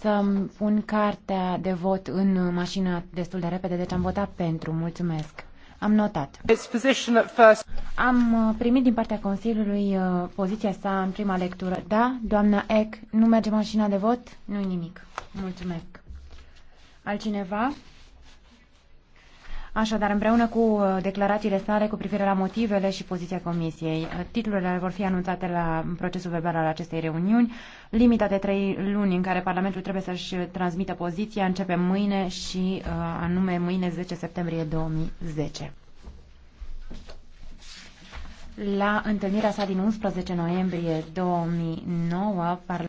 să-mi pun cartea de vot în mașină destul de repede, deci am votat pentru. Mulțumesc. Am notat. Am uh, primit din partea Consiliului uh, poziția sa în prima lectură. Da, doamna Eck, nu merge mașina de vot? nu nimic. Mulțumesc. Altcineva? Așadar, împreună cu uh, declarațiile sale cu privire la motivele și poziția Comisiei, uh, titlurile vor fi anunțate la procesul verbal al acestei reuniuni. Limita de trei luni în care Parlamentul trebuie să-și transmită poziția începe mâine și uh, anume mâine 10 septembrie 2010. La întâlnirea sa din 11 noiembrie 2009,